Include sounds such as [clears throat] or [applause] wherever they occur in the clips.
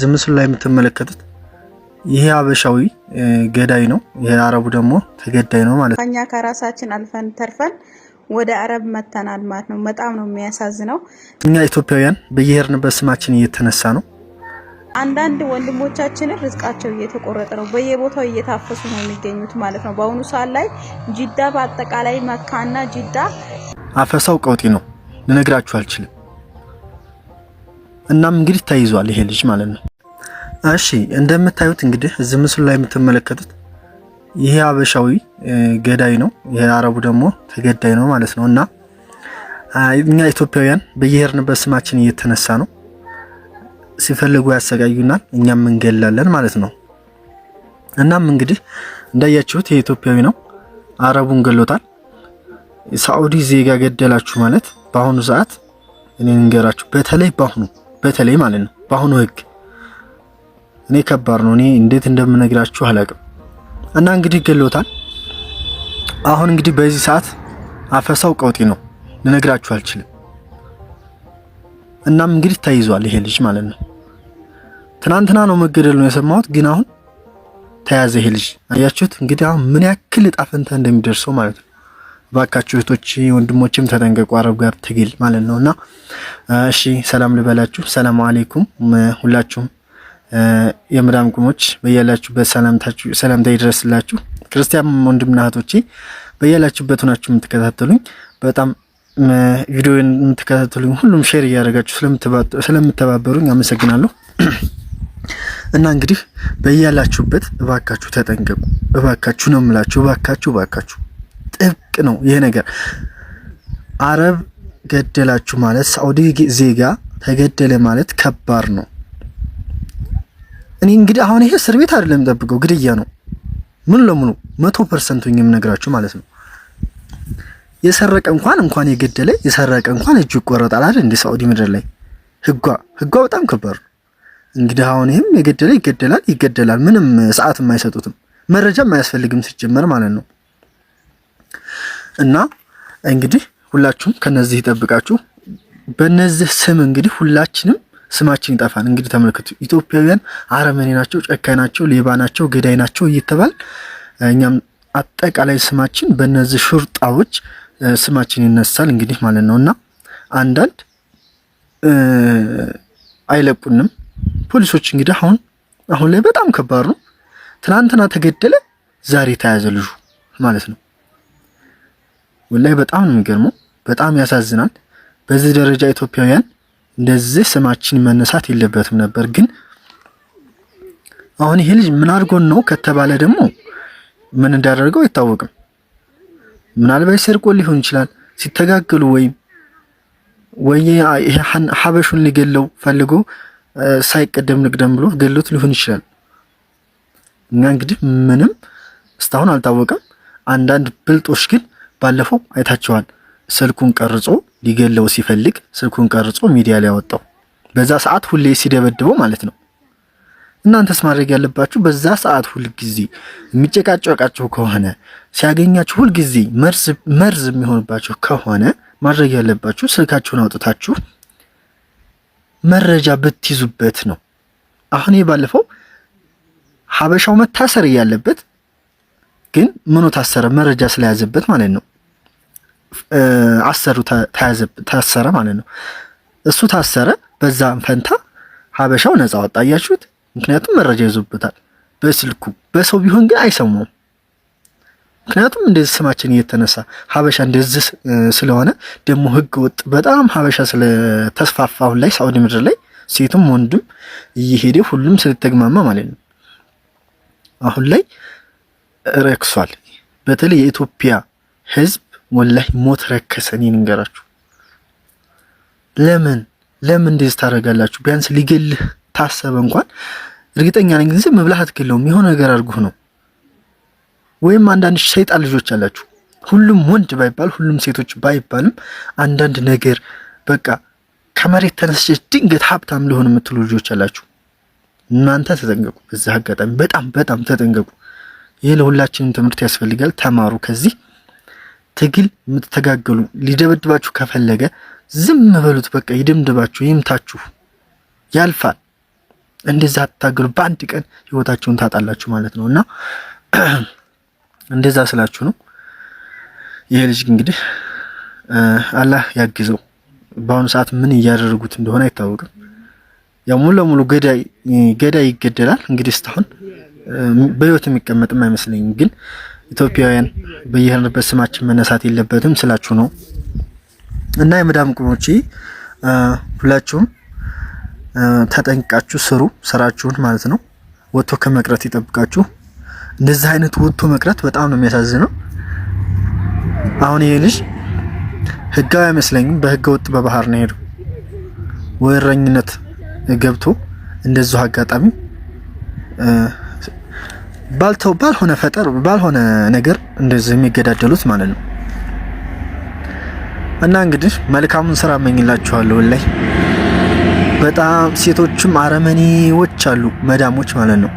እዚህ ምስሉ ላይ የምትመለከቱት ይሄ አበሻዊ ገዳይ ነው። ይሄ አረቡ ደግሞ ተገዳይ ነው ማለት ነው። እኛ ከራሳችን አልፈን ተርፈን ወደ አረብ መተናል ማለት ነው። በጣም ነው የሚያሳዝነው። እኛ ኢትዮጵያውያን በየሄድንበት ስማችን እየተነሳ ነው። አንዳንድ ወንድሞቻችንን ርዝቃቸው እየተቆረጠ ነው። በየቦታው እየታፈሱ ነው የሚገኙት ማለት ነው። በአሁኑ ሰዓት ላይ ጅዳ፣ በአጠቃላይ መካና ጅዳ አፈሳው ቀውጢ ነው። ልነግራችሁ አልችልም። እናም እንግዲህ ተይዟል ይሄ ልጅ ማለት ነው። እሺ እንደምታዩት እንግዲህ እዚህ ምስሉ ላይ የምትመለከቱት ይሄ አበሻዊ ገዳይ ነው፣ ይሄ አረቡ ደግሞ ተገዳይ ነው ማለት ነው። እና እኛ ኢትዮጵያውያን በየሄድንበት ስማችን እየተነሳ ነው። ሲፈልጉ ያሰቃዩናል፣ እኛም እንገላለን ማለት ነው። እናም እንግዲህ እንዳያችሁት ይሄ ኢትዮጵያዊ ነው፣ አረቡን ገሎታል። ሳዑዲ ዜጋ ገደላችሁ ማለት በአሁኑ ሰዓት እኔ እንገራችሁ፣ በተለይ በአሁኑ በተለይ ማለት ነው በአሁኑ ህግ እኔ ከባድ ነው። እኔ እንዴት እንደምነግራችሁ አላቅም። እና እንግዲህ ገሎታል። አሁን እንግዲህ በዚህ ሰዓት አፈሳው ቀውጢ ነው፣ ልነግራችሁ አልችልም። እናም እንግዲህ ተይዟል ይሄ ልጅ ማለት ነው። ትናንትና ነው መገደሉ የሰማሁት፣ ግን አሁን ተያዘ ይሄ ልጅ። አያችሁት እንግዲህ አሁን ምን ያክል እጣ ፈንታ እንደሚደርሰው ማለት ነው። ባካችሁ እህቶች ወንድሞችም ተጠንቀቁ። አረብ ጋር ትግል ማለት ነውና፣ እሺ ሰላም ልበላችሁ። ሰላም አሌይኩም ሁላችሁም የመዳም ቁሞች በያላችሁበት ሰላምታ ይድረስላችሁ። ክርስቲያን ወንድምና እህቶቼ በያላችሁበት ሆናችሁ የምትከታተሉኝ በጣም ቪዲዮ የምትከታተሉኝ ሁሉም ሼር እያደረጋችሁ ስለምተባበሩኝ አመሰግናለሁ። [clears throat] እና እንግዲህ በያላችሁበት እባካችሁ ተጠንቀቁ። እባካችሁ ነው የምላችሁ። እባካችሁ እባካችሁ፣ ጥብቅ ነው ይሄ ነገር። አረብ ገደላችሁ ማለት ሳውዲ ዜጋ ተገደለ ማለት ከባድ ነው። እኔ እንግዲህ አሁን ይሄ እስር ቤት አይደለም የሚጠብቀው ግድያ ነው። ምን ለምኑ መቶ ፐርሰንቱ የምነግራችሁ ማለት ነው። የሰረቀ እንኳን እንኳን የገደለ የሰረቀ እንኳን እጅ ይቆረጣል አይደል? እንደ ሳውዲ ምድር ላይ ህጓ ህጓ በጣም ከባድ ነው። እንግዲህ አሁን ይህም የገደለ ይገደላል ይገደላል። ምንም ሰዓት አይሰጡትም፣ መረጃም አያስፈልግም ሲጀመር ማለት ነው። እና እንግዲህ ሁላችሁም ከነዚህ ይጠብቃችሁ። በነዚህ ስም እንግዲህ ሁላችንም ስማችን ይጠፋል። እንግዲህ ተመልክቱ፣ ኢትዮጵያውያን አረመኔ ናቸው፣ ጨካኝ ናቸው፣ ሌባ ናቸው፣ ገዳይ ናቸው እየተባል እኛም አጠቃላይ ስማችን በእነዚህ ሹርጣዎች ስማችን ይነሳል እንግዲህ ማለት ነው። እና አንዳንድ አይለቁንም ፖሊሶች እንግዲህ አሁን አሁን ላይ በጣም ከባድ ነው። ትናንትና ተገደለ፣ ዛሬ ተያዘ ልጁ ማለት ነው። ወላይ በጣም ነው የሚገርመው፣ በጣም ያሳዝናል። በዚህ ደረጃ ኢትዮጵያውያን እንደዚህ ስማችን መነሳት የለበትም ነበር። ግን አሁን ይሄ ልጅ ምን አድርጎን ነው ከተባለ ደግሞ ምን እንዳደረገው አይታወቅም። ምናልባት ሰርቆ ሊሆን ይችላል ሲተጋገሉ፣ ወይም ወይ ሀበሹን ሊገለው ፈልጎ ሳይቀደም ልቅደም ብሎ ገሎት ሊሆን ይችላል። እና እንግዲህ ምንም ስታሁን አልታወቀም። አንዳንድ ብልጦች ግን ባለፈው አይታቸዋል ስልኩን ቀርጾ ሊገለው ሲፈልግ ስልኩን ቀርጾ ሚዲያ ላይ ያወጣው በዛ ሰዓት ሁሌ ሲደበድበው ማለት ነው። እናንተስ ማድረግ ያለባችሁ በዛ ሰዓት ሁልጊዜ የሚጨቃጨቃችሁ ከሆነ ሲያገኛችሁ ሁልጊዜ መርዝ የሚሆንባችሁ ከሆነ ማድረግ ያለባችሁ ስልካችሁን አውጥታችሁ መረጃ ብትይዙበት ነው። አሁን ባለፈው ሀበሻው መታሰር እያለበት ግን ምኑ ታሰረ? መረጃ ስለያዘበት ማለት ነው። አሰሩ ታሰረ ማለት ነው። እሱ ታሰረ። በዛም ፈንታ ሀበሻው ነፃ ወጣ። አያችሁት? ምክንያቱም መረጃ ይዞበታል በስልኩ በሰው ቢሆን ግን አይሰማውም። ምክንያቱም እንደዚህ ስማችን እየተነሳ ሀበሻ እንደዚህ ስለሆነ ደግሞ ህግ ወጥ በጣም ሀበሻ ስለተስፋፋ አሁን ላይ ሳውዲ ምድር ላይ ሴቱም ወንዱም እየሄደ ሁሉም ስለተግማማ ማለት ነው አሁን ላይ ረክሷል። በተለይ የኢትዮጵያ ህዝብ ወላሂ ሞት ረከሰ። እኔ ንገራችሁ ለምን ለምን እንደዚህ ታደርጋላችሁ? ቢያንስ ሊገልህ ታሰበ እንኳን እርግጠኛ ነኝ ግን ዝም አትገለውም። የሆነ ነገር አድርጎህ ነው። ወይም አንዳንድ ሰይጣን ልጆች አላችሁ። ሁሉም ወንድ ባይባል ሁሉም ሴቶች ባይባልም አንዳንድ ነገር በቃ ከመሬት ተነስቼ ድንገት ሀብታም ሊሆን የምትሉ ልጆች አላችሁ። እናንተ ተጠንቀቁ። በዚህ አጋጣሚ በጣም በጣም ተጠንቀቁ። ይህ ለሁላችንም ትምህርት ያስፈልጋል። ተማሩ ከዚህ ትግል የምትተጋገሉ ሊደበድባችሁ ከፈለገ ዝም በሉት። በቃ ይደምድባችሁ፣ ይምታችሁ፣ ያልፋል። እንደዛ አትታገሉ። በአንድ ቀን ህይወታችሁን ታጣላችሁ ማለት ነው። እና [clears throat] እንደዛ ስላችሁ ነው። ይሄ ልጅ እንግዲህ አላህ ያግዘው። በአሁኑ ሰዓት ምን እያደረጉት እንደሆነ አይታወቅም። ያው ሙሉ ለሙሉ ገዳይ ገዳይ ይገደላል። እንግዲህ እስካሁን በህይወት የሚቀመጥም አይመስለኝም ግን ኢትዮጵያውያን በየሄድንበት ስማችን መነሳት የለበትም ስላችሁ ነው። እና የመዳም ቅሞቼ ሁላችሁም ተጠንቃችሁ ስሩ ስራችሁን ማለት ነው። ወጥቶ ከመቅረት ይጠብቃችሁ። እንደዚህ አይነት ወጥቶ መቅረት በጣም ነው የሚያሳዝነው። አሁን ይሄ ልጅ ህጋዊ አይመስለኝም። በህገ ወጥ በባህር ነው ሄደው ወረኝነት ገብቶ እንደዚሁ አጋጣሚ ባልተው ባልሆነ ፈጠር ባልሆነ ነገር እንደዚህ የሚገዳደሉት ማለት ነው። እና እንግዲህ መልካሙን ስራ እመኝላችኋለሁ። ላይ በጣም ሴቶችም አረመኔዎች አሉ፣ መዳሞች ማለት ነው።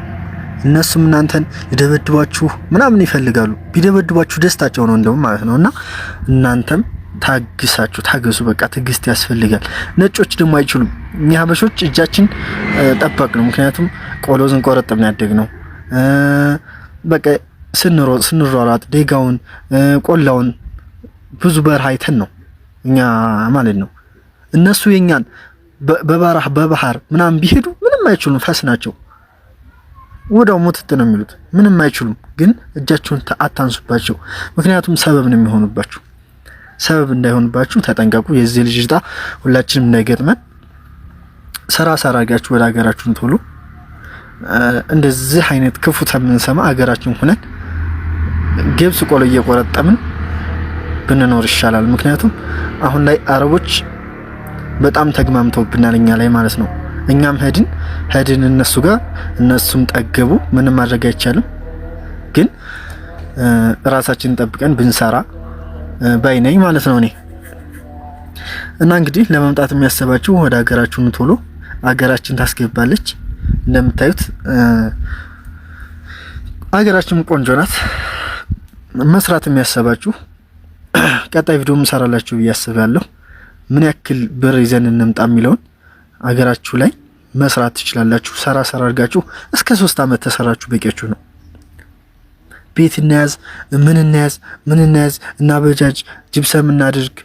እነሱም እናንተን ሊደበድቧችሁ ምናምን ይፈልጋሉ። ቢደበድቧችሁ ደስታቸው ነው እንደውም ማለት ነው። እና እናንተም ታግሳችሁ ታገሱ። በቃ ትዕግስት ያስፈልጋል። ነጮች ደግሞ አይችሉም። እኛ ሀበሾች እጃችን ጠባቅ ነው። ምክንያቱም ቆሎ ስንቆረጥም ያደግ ነው በቃ ስንሮጥ ስንሯሯጥ ደጋውን ቆላውን ብዙ በረሃ አይተን ነው እኛ ማለት ነው። እነሱ የኛን በበረሃ በባህር ምናምን ቢሄዱ ምንም አይችሉም። ፈስ ናቸው። ወዳው ሞትት ነው የሚሉት ምንም አይችሉም። ግን እጃቸውን አታንሱባቸው። ምክንያቱም ሰበብ ነው የሚሆኑባችሁ። ሰበብ እንዳይሆንባችሁ ተጠንቀቁ። የዚህ ልጅ ዕጣ ሁላችንም እንዳይገጥመን ሰራ ሰራ አድርጋችሁ ወደ ሀገራችሁን ቶሎ እንደዚህ አይነት ክፉ ከምንሰማ አገራችን ሁነን ገብስ ቆሎ እየቆረጠምን ብንኖር ይሻላል። ምክንያቱም አሁን ላይ አረቦች በጣም ተግማምተውብናል እኛ ላይ ማለት ነው። እኛም ሄድን ሄድን እነሱ ጋር እነሱም ጠገቡ። ምንም ማድረግ አይቻልም። ግን ራሳችንን ጠብቀን ብንሰራ ባይነኝ ማለት ነው እኔ እና እንግዲህ ለመምጣት የሚያስባችሁ ወደ ሀገራችሁን ቶሎ አገራችን ታስገባለች። እንደምታዩት አገራችን ቆንጆ ናት። መስራት የሚያሰባችሁ ቀጣይ ቪዲዮ ምሰራላችሁ ብዬ አስባለሁ። ምን ያክል ብር ይዘን እንምጣ የሚለውን አገራችሁ ላይ መስራት ትችላላችሁ። ሰራ ሰራ አድርጋችሁ እስከ ሶስት አመት ተሰራችሁ በቂያችሁ ነው። ቤት እናያዝ፣ ምን እናያዝ፣ ምን እናያዝ፣ እናበጃጅ፣ ጅብሰም እናድርግ፣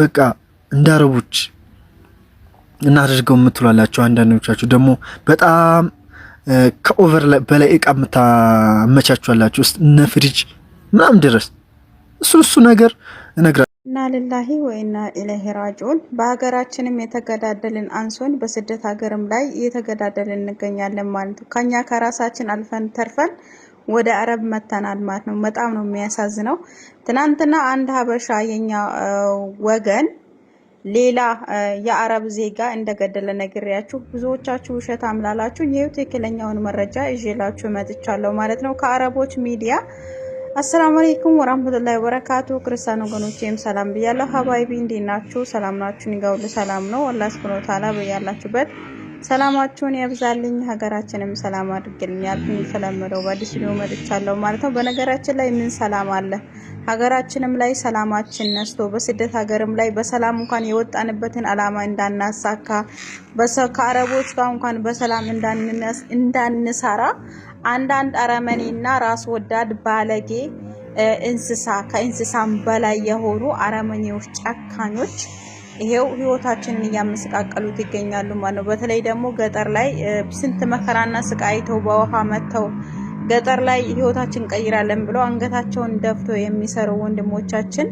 በቃ እንደ እናደርገው የምትሏላቸው አንዳንዶቻችሁ ደግሞ በጣም ከኦቨር በላይ እቃ የምታመቻችኋላችሁ ውስጥ እነ ፍሪጅ ምናምን ድረስ እሱ እሱ ነገር እነግራለሁ። እና ልላሂ ወይና ኢለሂ ራጅዑን። በሀገራችንም የተገዳደልን አንሶን በስደት ሀገርም ላይ እየተገዳደልን እንገኛለን ማለት ነው። ከኛ ከራሳችን አልፈን ተርፈን ወደ አረብ መተናል ማለት ነው። በጣም ነው የሚያሳዝነው። ትናንትና አንድ ሀበሻ የኛ ወገን ሌላ የአረብ ዜጋ እንደገደለ ነግሬያችሁ ብዙዎቻችሁ ውሸት አምላላችሁ። ይህ ትክክለኛውን መረጃ ይዤላችሁ መጥቻለሁ ማለት ነው ከአረቦች ሚዲያ። አሰላሙ አለይኩም ወራህመቱላሂ ወበረካቱ። ክርስቲያን ወገኖቼም ሰላም ብያለሁ። ሀባይቢ እንዴት ናችሁ? ሰላም ናችሁን? ይጋውል ሰላም ነው። አላህ ሱብሃነሁ ወተዓላ በያላችሁበት ሰላማችሁን ያብዛልኝ፣ ሀገራችንም ሰላም አድርግልኝ። የተለመደው በአዲስ ቪዲዮ መጥቻለሁ ማለት ነው። በነገራችን ላይ ምን ሰላም አለ? ሀገራችንም ላይ ሰላማችን ነስቶ በስደት ሀገርም ላይ በሰላም እንኳን የወጣንበትን አላማ እንዳናሳካ ከአረቦች ጋር እንኳን በሰላም እንዳንሰራ አንዳንድ አረመኔና ራስ ወዳድ ባለጌ እንስሳ ከእንስሳም በላይ የሆኑ አረመኔዎች፣ ጨካኞች ይሄው ህይወታችንን እያመሰቃቀሉት ይገኛሉ ማለት ነው። በተለይ ደግሞ ገጠር ላይ ስንት መከራና ስቃይ አይተው በውሃ መጥተው ገጠር ላይ ህይወታችን ቀይራለን ብለው አንገታቸውን ደፍቶ የሚሰሩ ወንድሞቻችን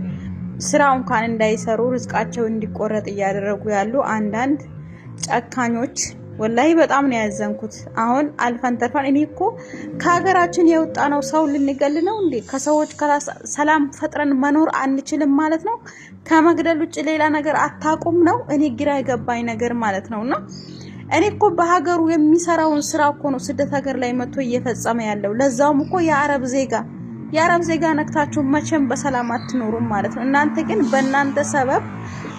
ስራ እንኳን እንዳይሰሩ ርዝቃቸው እንዲቆረጥ እያደረጉ ያሉ አንዳንድ ጨካኞች ወላሂ በጣም ነው ያዘንኩት። አሁን አልፈን ተርፈን እኔ እኮ ከሀገራችን የወጣ ነው ሰው ልንገል ነው እንዴ? ከሰዎች ሰላም ፈጥረን መኖር አንችልም ማለት ነው? ከመግደል ውጭ ሌላ ነገር አታቁም ነው? እኔ ግራ የገባኝ ነገር ማለት ነው እና እኔ እኮ በሀገሩ የሚሰራውን ስራ እኮ ነው ስደት ሀገር ላይ መጥቶ እየፈጸመ ያለው ለዛውም እኮ የአረብ ዜጋ የአረብ ዜጋ ነክታችሁ መቼም በሰላም አትኖሩም ማለት ነው። እናንተ ግን በእናንተ ሰበብ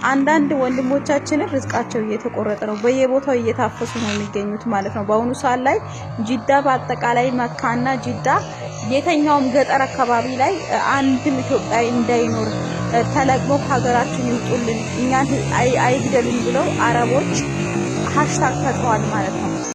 አንዳንድ ወንድሞቻችንን ርዝቃቸው እየተቆረጠ ነው፣ በየቦታው እየታፈሱ ነው የሚገኙት ማለት ነው። በአሁኑ ሰዓት ላይ ጅዳ በአጠቃላይ መካና ጅዳ የተኛውም ገጠር አካባቢ ላይ አንድም ኢትዮጵያዊ እንዳይኖር ተለቅሞ ከሀገራችን ይውጡልን፣ እኛን አይግደሉን ብለው አረቦች ሀሽታግ ፈጥረዋል ማለት ነው።